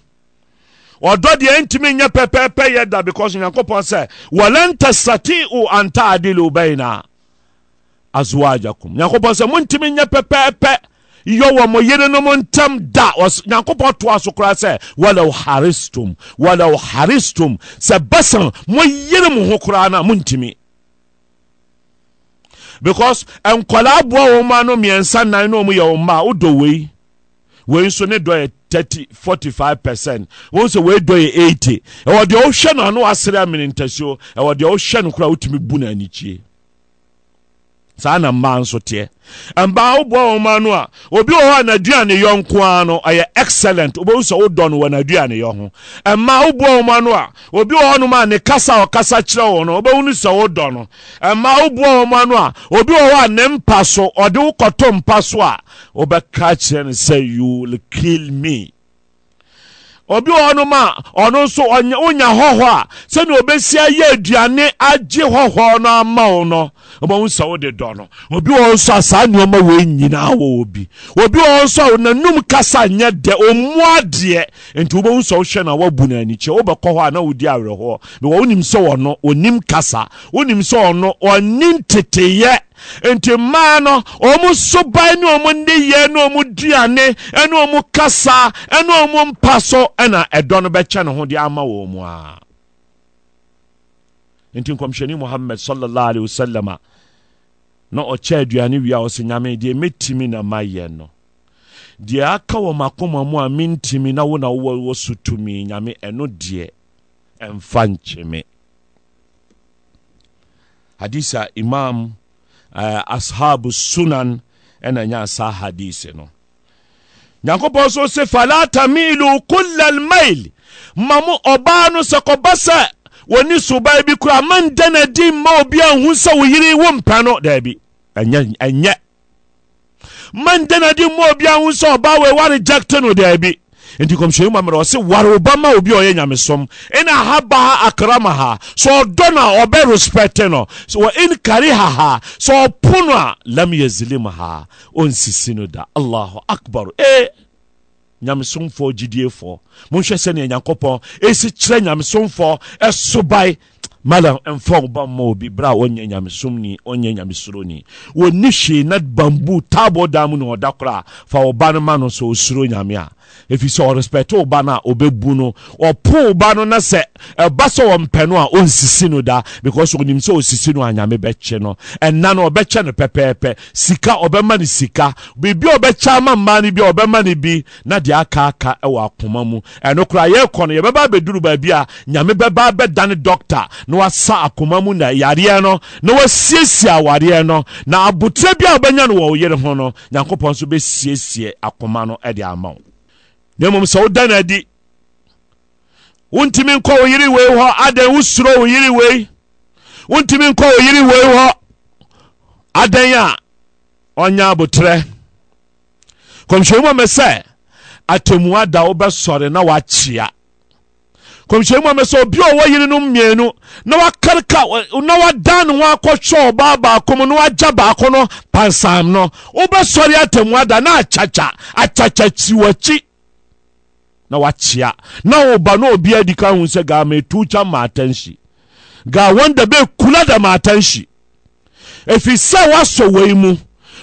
ɔdɔ deɛ ntumi nyɛ pɛpɛpɛ yɛ da because nyankopɔn sɛ walantasatiu antaadilu baina azwajakum nyankopɔn sɛ montumi nyɛ pɛpɛpɛ yɔ wɔ mo yerenom ntam da nyankopɔn toa so koraa sɛ walau haristum walau haristum sɛ bɛsan mo yere mo ho koraa no a montumi because nkɔlaa boa wɔ ma no mmiɛnsa nan na ɔmu yɛ wo mma a wodɔ wei wei nso ne dɔ yɛ thirty forty five percent wɔn nso wei dɔ yɛ eighty ɛwɔ deɛ ɔhwɛ no ano asere amene ntasuo ɛwɔ deɛ ɔhwɛ no koraa wotumi bu n'anikyie saa na mmaa nso teɛ mbaa woboa wɔn mma no a obi wɔ hɔ a n'aduane yɔ nko ara no ɛyɛ excellent Obi sɛ wodɔ no wɔ n'aduane yɔ ho mmaa woboa wɔn mma no a obi wɔ hɔnom a ne kasa a ɔkasa kyerɛ wɔn no obohu no sɛ wodɔ no mmaa woboa wɔn mma no a obi wɔ hɔ a ne mpa so ɔde wokɔtɔ mpa so a wobɛka kyerɛ no sɛ you will kill me obi wɔ hɔnom a ɔno nso wonya hɔhɔ a sɛnea obɛsi ayɛ aduane agye hɔhɔ no ama wo no ɔmahu sɛ wode dɔ no obi wɔ nso a saa nneɔma wei nyinaa wɔ obi. obi wɔ nso a nanum kasa nyɛ dɛ ɔmmoa deɛ enti wobɛhu sɛ wohwɛ no a woabu no anikyɛ wobɛkɔ hɔ a na wodi awerɛhoɔ bɛwɔ wonim sɛ wɔno ɔnim kasa wonim sɛ ɔno ɔnim teteyɛ nti mmaa no ɔmu soban ne ɔmu nneyɛ ne ɔmu duane ne ɔmu kasa ne ɔmu mpa so ɛna ɛdɔ no bɛkyɛ ne ho de ama wɔn mu a nti nkɔmhyɛni muhammad sallallahu alayhi wa sallam a na ɔkyɛ aduane wie a ɔsɛ nyame deɛ mɛtumi na mayɛ no deɛ aka wɔ makoma mu a mentimi na wo na wowɔ so tumi nyame ɛno deɛ ɛmfa nkyeme hadisa imam uh, ashabu sunan ɛna nya saa hadisi no nyankopɔn so se fala tamilu kulla almail ma mo ɔbaa no sɛ kɔba sɛ wɔni suban bi kora manda no adi mma obi anhu sɛ wo yere wo mpɛ no daabi ɛnyɛ ɛnyɛ manda no adi mma obi anhu sɛ ɔbaa wei wa reject no daabi nti kɔmhyɛni mu amena ɔse ware oba ma obi a ɔyɛ nyamesom ɛna haba akrama ha sɛ ɔdɔ no a ɔbɛ respɛte no wɔ inkari ha ha sɛ ɔpo no a lam yɛzilim ha ɔnsisi no da allahu akbar e nyamesomfoɔ gyidiefoɔ monhwɛ sɛnea nyankopɔn ɛsi kyerɛ nyamesomfoɔ ɛsobae malam ɛmfa wo ba ma obi berɛ a ɔnyɛ nyamesomni ɔnyɛ nyamesuroni wɔnni hwee na bambu taabɔ da mu ne ɔda kora fa wo ba no ma no sɛ ɔsuro nyame a ɛfiri sɛ ɔrespɛte wo no a ɔbɛbu no ɔpo wo no na sɛ ɛba sɛ wɔmpɛ no a ɔnsisi no da because ɔnim sɛ ɔsisi no a nyame bɛkye no ɛna no ɔbɛkyɛ no pɛpɛɛpɛ sika ɔbɛma no sika biribi a ɔbɛkyɛ ama mmaa no bi a ɔbɛma no bi na deɛ aka aka ɛwɔ akoma mu ɛno koraa yɛrekɔ no yɛbɛba abɛduru baabi a nyame bɛba abɛdane dɔkta na wasa akoma mu na yareɛ no na wasiesie awareɛ no na abotire bi a wobɛnya no wɔ wo yere ho no nyankopɔn nso bɛsiesie akoma no de ama wo na mmom sɛ woda no adi wontumi nkɔ wo yere wei hɔ adɛn wosuro wo yere wei wontumi nkɔ wo yere wei hɔ adɛn a ɔnyɛ abotrɛ kɔmhyɛmmɔmɛ sɛ atemmua da wobɛsɔre na wakyea kɔmhyɛni mu a mɛsɛ obi a ɔwɔ yerenom mmienu na wakareka na wadan ne ho akɔhwɛ ɔbaa baako mu na wagya baako no pansam no wobɛsɔre atamu ada na akyakya akyakya kyi w'akyi na wakyea na woba na obi adi ka ho sɛ gaa metuukya maatanhyi gaa wɔn da bɛɛkula da maatanhyi ɛfiri sɛ woasɔ wei mu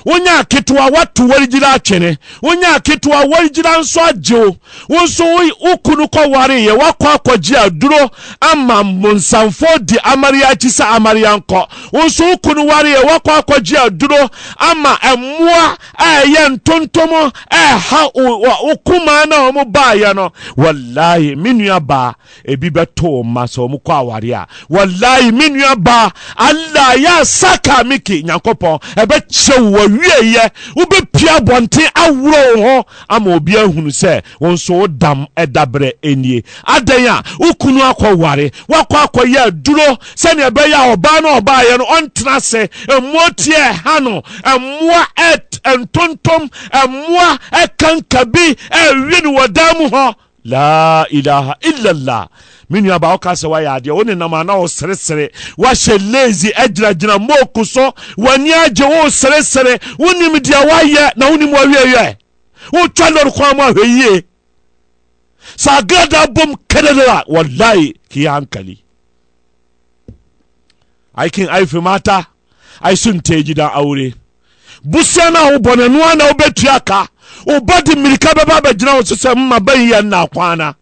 wonya aketewa wato wɔregyina akyene wonya aketewa wɔregyina nso agye wo wo nso woku no kɔwareyɛ woakɔ akɔgye aduro ama monsamfoɔ di amareɛ akyi sɛ amareɛ nkɔ wo nso woku no wareyɛ akɔgye aduro ama ɛmmoa a e ɛyɛ ntontom ɛha e wo koma na wɔn baayɛ no wallahi me nua baa ebi bɛto wɔn ma sɛ wɔn kɔ aware a wallahi me nua allah yɛ asaka miki nyankopɔn ɛbɛkyɛ wo awieɛ wobɛpia abɔnten aworɔ wo ho ama obi ahunu sɛ wo nso wo dam ɛdaberɛ ɛnie adɛn a wo kunu akɔware woakɔ akɔyɛ aduro sɛnea ɛbɛyɛ a ɔbaa no ɔbaayɛ no ɔntena ase mmoa tiɛ ɛha no mmoa ntontom mmoa ɛkanka bi ɛwe no wɔ dan mu hɔ la ilaha illallah me nuaba woka sɛ woayɛ adeɛ wo nenam ana wo seresere woahyɛ lazy agyinagyina mooku so w'ani agye wo seresere wonim deɛ woayɛ na wonim wawiawiɛ wotwa lɔre kwan mu ahwɛ yie sɛ agrada bom kededera wallahi kiyi hankali aikin aifi mata ai sun te gidan aure busia na wo bɔne noa na wobɛtua ka wo ba de mmirika bɛba bɛgyina wo so sɛ mma bayiɛ nna kwana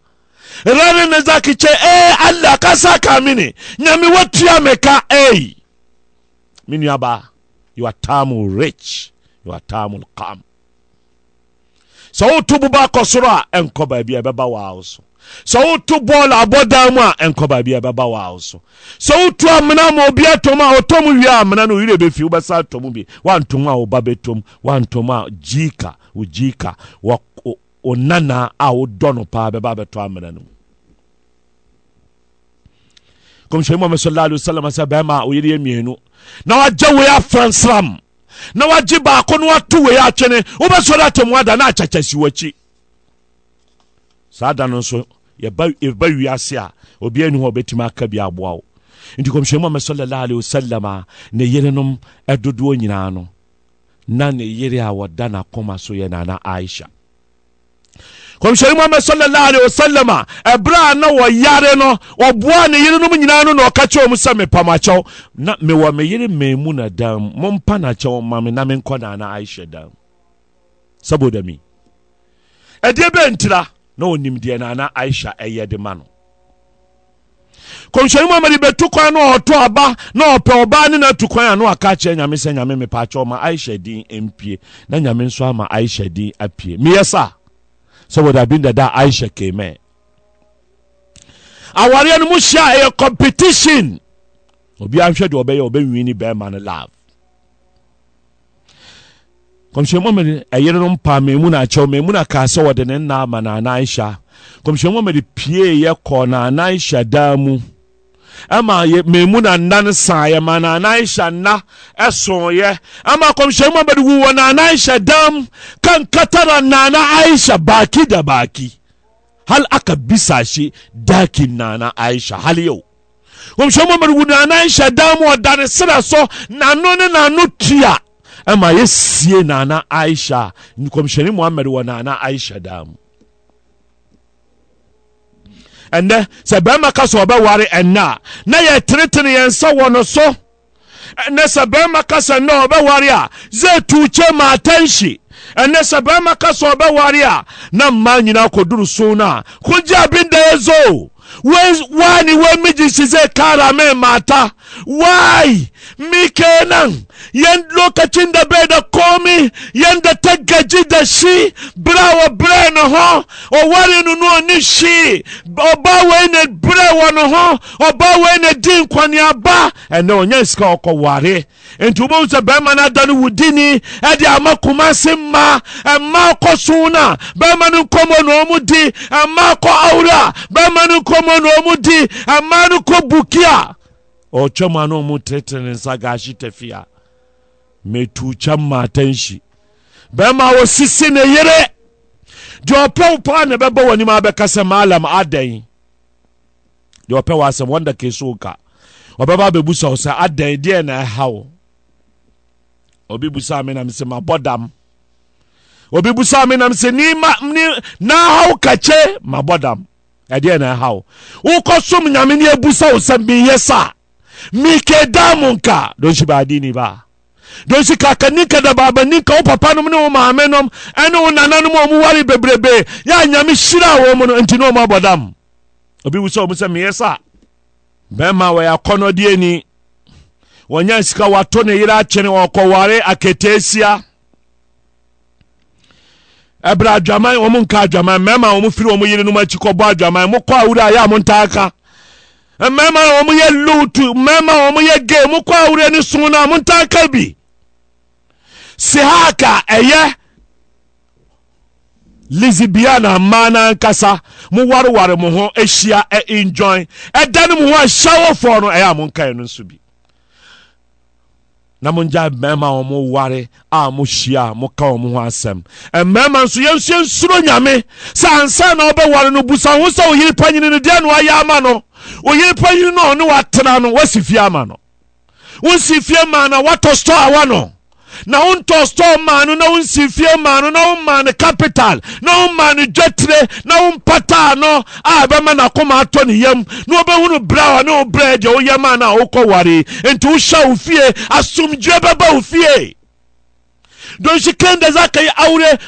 ranar na za ki ce eh allah ka saka mini nyame watua me ka eh mini aba you are tamu rich you are tamu calm sɛ woto boba akɔ soro a ɛnkɔ baabi a ɛbɛba waa wo so sɛ woto bɔɔl abɔdan mu a ɛnkɔ baabi a ɛbɛba waa wo so sɛ woto amena ma obi atom a ɔtɔm wie amena no owerɛ bɛfie wobɛsa atɔm bi woantom a woba bɛtom woantom a gyika wo gyika wɔkɔ Onana nana a wodɔ no paa bɛba bɛtɔ amena no mu kɔmhyɛni muhammad sallallahu alaihi wasallam sɛ bɛrima a oyere yɛ mmienu na wagye wei afra nsram na wagye baako no wato wei atwene wobɛsɔre atɛmu ada na akyakyasi w'akyi saa da no nso yɛba wiase a obiara ni hɔ ɔbɛtumi aka bi aboa wo nti kɔmhyɛni muhammad sallallahu alaihi wasallam a ne yerenom ɛdodoɔ nyinaa no na ne yere a wɔda n'akoma so yɛ nana aisha kɔmhyɛni muhammad sallallahu alaihi wasallam ɛberɛ a na wɔyare no ɔboa ne yerenom nyinaa no na ɔka kyerɛ mu sɛ mepam akyɛw na mewɔ me yere mmaa mu na dam mompa no akyɛw ma me na menkɔ naana ahyɛ dam saboda mi ɛdeɛ bɛ ntira na ɔnim deɛ naana aisha ɛyɛ de ma no kɔmhyɛni muhammad bɛtu kwan na ɔtɔ aba na ɔpɛ ɔbaa ne no atu kwan a na aka akyerɛ nyame sɛ nyame mepɛ akyɛw ma aisha din mpie na nyame nso ama aisha din apie meyɛ saa saboda abin da da aisha ke mai a wariyar mu sha a yɛ competition obi an hwɛ deɛ ɔbɛyɛ ɔbɛnwi ni bɛrima no love kɔmhyɛn mɔmɛdi ɛyere no mpa mɛmu na akyɛw mɛmu na kaa sɛ wɔde ne nna ama na anan hyɛ kɔmhyɛn mɔmɛdi pie yɛ kɔɔ na anan hyɛ dan mu. ɛma yɛ mɛmu na nna no saeɛ ma naanan hyɛ nna ɛsoɔyɛ ama kɔmhyɛni mu abɛde wu na naanan hyɛ dam kankatara nana aisha baaki da baaki hal aka bisa shi daki nana aisha hal yau kɔmhyɛni mu abɛde wu naanan hyɛ dam ɔdane serɛ so nano ne nano tua ɛma yɛsie nana aisha kɔmhyɛni muhammad wɔ nana aisha dam ɛnɛ sɛ bɛrima ka sɛ ɔbɛware ɛnɛ a na yɛtenetene yɛn nsa wɔ no so ɛnɛ sɛ bɛrima ka sɛ nnɛ ɔbɛware a zɛ tu ma atanhyi ɛnɛ sɛ bɛrima ka sɔ ɔbɛware a na ma nyina kɔdor so no a kogyaabi ndaɛzo wane wɔmigyi size kara mamaata wi mi kna ɛ lokacindabdakm yɛdaa gagi dasi berɛ a wɔ berɛ ne ho ɔware nononi hyi ɔbawinbrɛ w n h ɔain din nkaneba ɛɛɔyasikɔɔare ntwob ɛ bɛima ndanodndemams mmaa mmaa kɔ so na bɛrima no nkɔmmɔ na ɔmo di mmaa kɔ awura bɛrima no nkɔmmɔ na ɔmo di mmaa no kɔ buki ɔtwa mu ano ɔmo tenetene ne nsa gaahye tafia metu kyɛm ma atanhyi bɛrima a ne yere deɛ ɔpɛ wo paa na ɛbɛbɔ w'anim abɛka sɛ maalam adɛn deɛ ɔpɛ wɔ asɛm wɔnda ke so ka ɔbɛba abɛbusa wo sɛ adɛn deɛ na ɛha wo obi busa me na mesɛ mabɔ dam obi busa me nam sɛ nima ni na haw kakye mabɔdam ɛdeɛ na ɛhaw wokɔ som nyame ne abusa wo sɛ meyɛ sa meke da mo nka donsi baadini ba donsi kakani ka dababani ka wo papa nom ne wo maame nom ɛne wo nana nom a ware bebrebe yɛ nyame hyira wɔ mu no nti ne ɔma abɔdam obi wusa wo mu sɛ meyɛ sa bɛrima wɔyɛ akɔnnɔdeɛ ni wɔnya sika wato ne yere akyene wɔkɔware aketeesia ɛbrɛ adwaman wɔn nka adwaman mmarima wɔn firi wɔn yiri nom akyi kɔbɔ adwaman mo kɔ awura ayɛ a mo ntaa ka mmarima wɔn yɛ luutu mmarima wɔn yɛ gay mo kɔ awura ne sun na mo ntaa ka bi sihaka ɛyɛ lizibiana mmaa n'ankasa mo wareware mo ho ahyia ɛ enjoy ɛda ne mo ho a hyɛwofoɔ no ɛyɛ a mo nkae no nso bi na mongya mmarima a wɔn ware a mohyia a moka wɔn ho asɛm mmarima nso yɛnso yɛnsuro nyame sɛ ansa na wɔbɛware no busa ho sɛ oyere panyini no deɛ na wayɛ ama no oyere panyini no a ɔne watena no wasi fie ama no wonsi fie ma na watɔ stɔ awa no na wontɔ store maa no na wonsi fie maa no na woma no capital na woma no dwatire na wompataa no a ah, ɛbɛma nakoma atɔ ne yam na wobɛhu no berɛ a ne wo berɛ deɛ woyam a no a wokɔ ware enti wohyɛ wo fie asomdwue bɛba wo fie don kan da za ka yi aure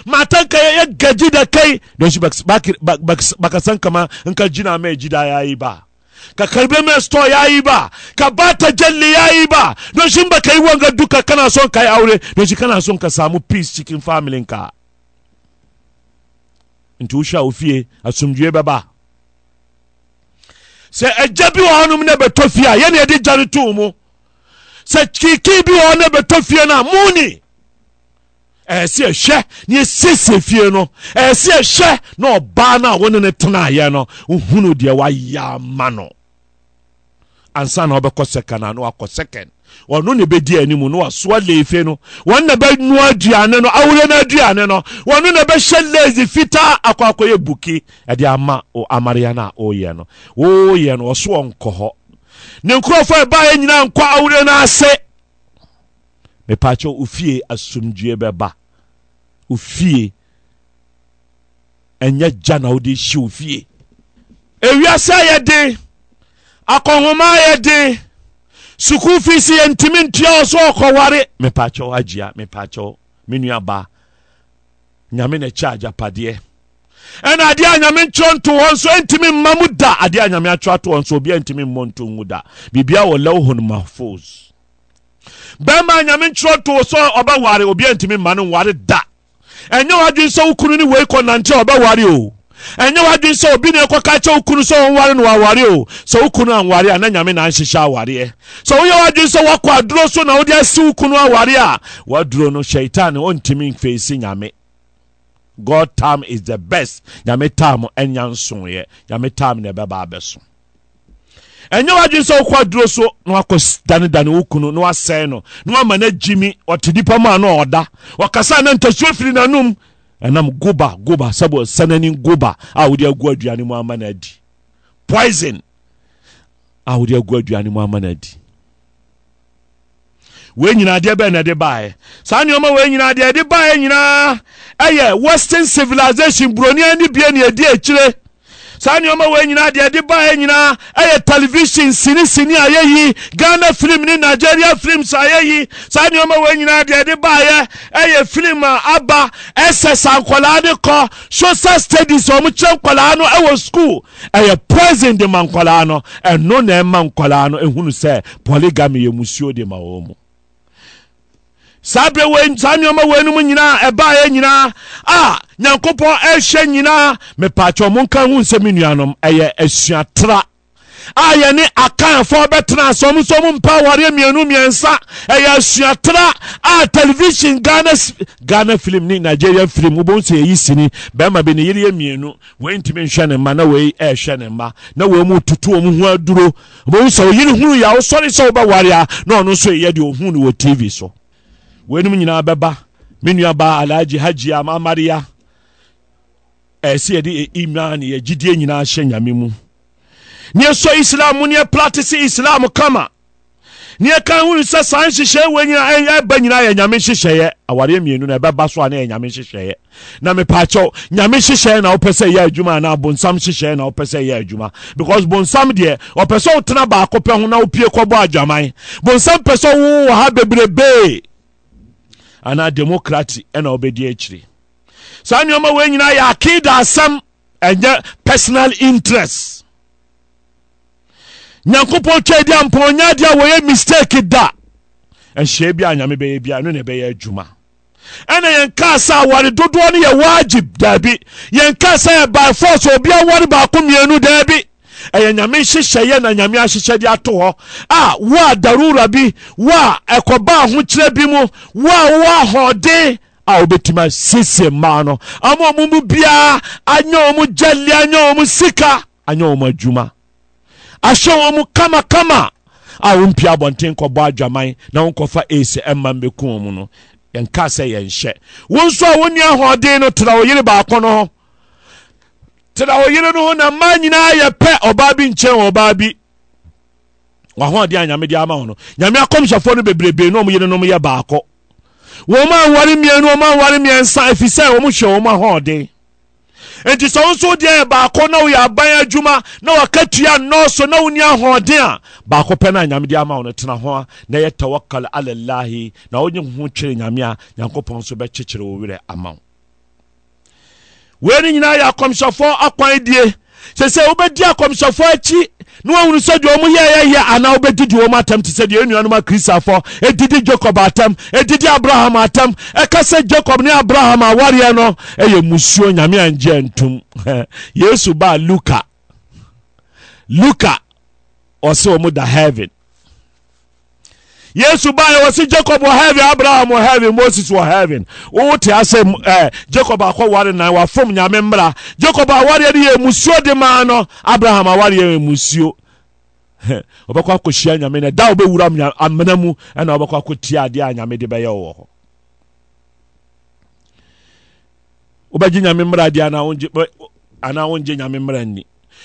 ka ya gaji da kai don bakasan baka san kama nka ka jina mai jida ya yi ba ka karbe mai store ya yi ba ka ba ta jalli ya yi ba don shi ba ka yi wanga duka kana son ka yi aure don shi kana son ka samu peace cikin family ka nti wosɛ ofie asomdue bɛba sɛ agya bi wɔ hɔnom na bɛtɔ fie a yɛne yɛde gya no too mu sɛ kiki bi wɔ hɔ na bɛtɔ fie no a eh, mo ni ɛyɛsɛ ɛhwɛ na fie no ɛyɛsɛ ɛhwɛ na ɔbaa no a wone no tenaayɛ no wohunu deɛ wayɛ ma no ansa na ɔbɛkɔ second ano akɔ second ɔno ne bɛdi anim no wasoa leefe no wɔn na bɛnoa aduane no awore no aduane no wɔno na bɛhyɛ lazy fitaa akɔ akɔyɛ buki ɛde ama amareɛ no a ɔreyɛ no wɔreyɛ no ɔso ɔnkɔ hɔ ne nkurɔfoɔ ɛbaeɛ nyinaa nkɔ awore no ase mepaakyɛ ofie asomdwie bɛba ofie ɛnyɛ gya na wode hyi ofie ewiase ayɛ den akɔnhoma yɛ dị sukuu fees yɛ ntumi ntua wɔ ɔkɔware mepaakyɛw agyia mepaakyɛw me nyame na ɛkyɛ agyapadeɛ ɛna adeɛ a nyame nkyerɛ nto hɔ nso ntumi mma mu da adeɛ a nyame atwerɛ ato hɔ nso obiara ntumi mmɔ nto mu da biribia wɔ bɛrima nyame nto ntumi mma no nware da ɛnyɛ wei o ɛnyɛ w'adwene sɛ obi na ɛkɔka kyɛ wo kunu sɛ wɔnware no waware o sɛ wo kunu anware a na nyame na anhyehyɛ awareɛ sɛ woyɛ w'adwene sɛ woakɔ aduro so na wode asi wo kunu aware a w'aduro no shaitan ɔntumi mfeesi nyame god time is the best nyame time ɛnya nsoeɛ nyame time na ɛbɛba abɛso ɛnyɛ w'adwene sɛ wokɔ aduro so na wakɔ danedane wo kunu na wasɛe no na wama no agyimi ɔte nipa mu a na ɔda wɔkasa na ntasuo firi n'anom ɛnam goba goba sɛbo sanani goba a wode agu aduane mu ama no adi poison a wode agu aduane mu ama no adi wei nyinaa deɛ bɛɛ na ɛde baeɛ saa nneɔma wei nyinaa deɛ ɛde baeɛ nyinaa ɛyɛ western civilization buroni ani bie ni ɛdi akyire saa nneɛma wɔ nyinaa deɛ ɛde baeɛ nyinaa ɛyɛ television sinisini ayɛyi ghana film ne nigeria films ayɛyi saa nneɛma wɔ nyinaa deɛ ɛde baeɛ ɛyɛ film a aba ɛsɛ sa nkɔlaa ne kɔ social studies a wɔkyerɛ nkɔlaa no ɛwɔ school ɛyɛ poison de ma nkɔlaa no ɛno na ɛma nkɔlaa no ehunu sɛ polygamy yɛ musuo de ma wɔn mu saa berɛ wei saa nneɔma wei no mu nyinaa ɛbaeɛ nyinaa a nyankopɔn ɛhyɛ nyinaa mepaakyɛ monka ho nsɛm nnuanom ɛyɛ asuatra a yɛne akanfoɔ bɛtena asɛ ɔmo nso ɔmo mpa awareɛ mmienu mmiɛnsa ɛyɛ asuatra a television ghana ghana film ne Nigerian film wobɛhu sɛ yɛyi sini bɛrima bi ne yere yɛ mmienu wei nhwɛ ne mma na wei ɛɛhwɛ ne mma na wei mu tutu ɔmo ho aduro wobɛhu sɛ oyere hunu yɛ a wosɔre sɛ wobɛware a na ɔno nso yɛ deɛ ɔhu no wɔ tv so weinom nyinaa bɛba me nuabaa alagye hagye amamarea ɛsɛ yɛde iman yɛ gyidie nyinaa hyɛ nyame mu neɛ sɔ islam mu neɛ practice islam kama neɛ ka hunu sɛ saa nhyehyɛe wei nyinaa ɛba nyinaa yɛ nyame nhyehyɛeɛ awareɛ mmienu no ɛbɛba so a na yɛ nyame nhyehyɛeɛ na mepaakyɛw nyame nhyehyɛeɛ na wopɛ sɛ ɛyɛ adwuma anaa bonsam nhyehyɛeɛ na wopɛ sɛ ɛyɛ adwuma because bonsam deɛ ɔpɛ sɛ wotena baako pɛ ho na wopie kɔbɔ adwaman bonsam pɛ sɛ wowo wɔ ha bebrebee anaa democraty ɛna wɔbɛdi akyiri saa nneɛma wei nyinaa yɛ akeda asɛm ɛnyɛ personal interest nyankopɔn twa adi a mpɔn nyɛ adeɛ a wɔyɛ mistake da ɛnhyɛ bi a nyame bɛyɛ bi a ɛno na ɛbɛyɛ adwuma ɛna yɛn kaa sɛ aware dodoɔ no yɛ wagyib daabi yɛn kaa sɛ yɛ by force obi aware baako mmienu daabi ɛyɛ nyame nhyehyɛeɛ na nyame ahyehyɛde ato hɔ a wo a darura bi wo a ɛkɔbaa ahokyerɛ bi mu wo a wo ahoɔden a wobɛtumi asiesie mmaa no ama ɔmo mu biara anyɛ ɔ mu gyali anyɛ ɔ mu sika anyɛ ɔ mu adwuma ahyɛ ɔ mu kamakama a wompia abɔnten kɔbɔ adwaman na wonkɔfa ɛsi ɛma mbɛku ɔ mu no yɛnka sɛ yɛnhyɛ wo nso a wonni ahoɔden no tena wo yere baako no ho tena wo yere no ho na mmaa nyinaa yɛ pɛ ɔbaa bi nkyɛn ɔbaa bi wahoɔden a nyame de ama wo no nyame akɔmhyɛfoɔ no bebrebee na ɔm yerenom yɛ baako wɔn a nware mmienu wɔn a nware mmiɛnsa ɛfiri sɛ wɔn hyɛ wɔn ahoɔden nti sɛ nso deɛ yɛ baako na woyɛ aban adwuma na waka tua nnɔɔso na woni ahoɔden a baako pɛ no a nyame de ama wo no tena ho a na yɛ tawakal alalahi na wonye ho kyerɛ nyame a nyankopɔn nso bɛkyekyere wo werɛ ama wo wei no nyinaa yɛ akɔmhyɛfoɔ akwan die sɛ sɛ wobɛdi akɔmhyɛfoɔ akyi na wahunu sɛ deɛ ɔmo yɛyɛyɛ anaa wobɛdidi wɔm atɛm te sɛ deɛ ɛnuanom akristafoɔ ɛdidi jacob atɛm ɛdidi abraham atɛm ɛka sɛ jacob ne abraham awareɛ no ɛyɛ musuo nyame angye antom yesu baa luka luka ɔsɛ ɔmo da heaven yesu bayo wɔsi jacob wɔ heaven abraham wɔ heaven moses wɔ heaven wote asɛm eh, jacob akɔware na wafom nyame mmra jacob awareɛ no yɛ musuo de maa no abraham awareɛ yɛ musuo wɔbɛkɔ akɔhyia nyame no da wobɛwura amena mu ɛna wɔbɛkɔ akɔtia adeɛ a nyame de bɛyɛ wɔ hɔ wobɛgye nyame mmra deɛ anaa wongye nyame mmra ni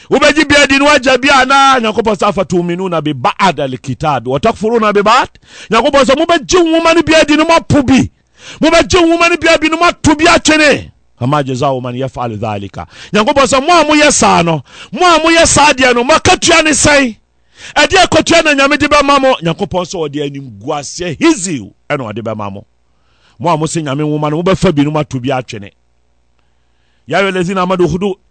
wobɛgye bia di no wagya bia anaa nyankopɔn sɛ afa tuminuna bibad alkitab watakfuruna bibad nyankopɔn sɛ mobɛgye nwoma no bia di no moapo bi mobɛgye nwoma no bia bi no moato bi atwene ama jazao man yafal dhalika nyankopɔn sɛ mo a moyɛ saa no mo a moyɛ saa deɛ no moakatua ne sɛn ɛdeɛ kɔtua na nyame de bɛma mo nyankopɔn sɛ ɔde animguaseɛ hisiw ɛna ɔde bɛma mo mo a mose nyame nwoma no mobɛfa binom ato bi atwene ya ayuha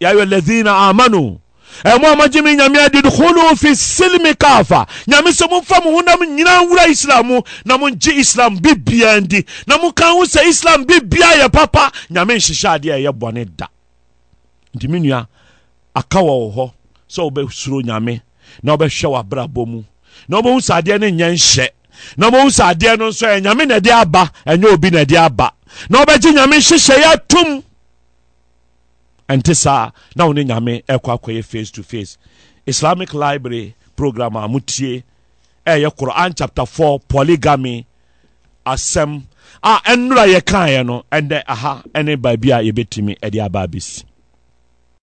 alladhina amanu ɛmo a magyeme nyame ade dkhulu fi silimi kafa nyame sɛ momfa mo honam nyina nwura islam mu na mongye islam bibia ndi na moka ho sɛ islam bibia yɛ papa nyame nhyehyɛ adeɛ ɛyɛ bɔne da nti me nua aka wɔ wɔ hɔ sɛ wobɛsuro nyame na wobɛhwɛ w'abrabɔ mu na wobɛhu sɛ adeɛ no nyɛ nhyɛ na wobɛhu sɛ adeɛ no nso ɛnyame na ɛde aba ɛnyɛ obi na ɛde aba na wobɛgye nyame nhyehyɛeɛ atom ɛnte saa na wo ne nyame ɛkɔ akɔyɛ face to face islamic library program a motie ɛyɛ quran chapter four polygamy asɛm a ɛnnora yɛkaeɛ no ɛnɛ aha ɛne baabi a yɛbɛtumi ɛde aba bɛsi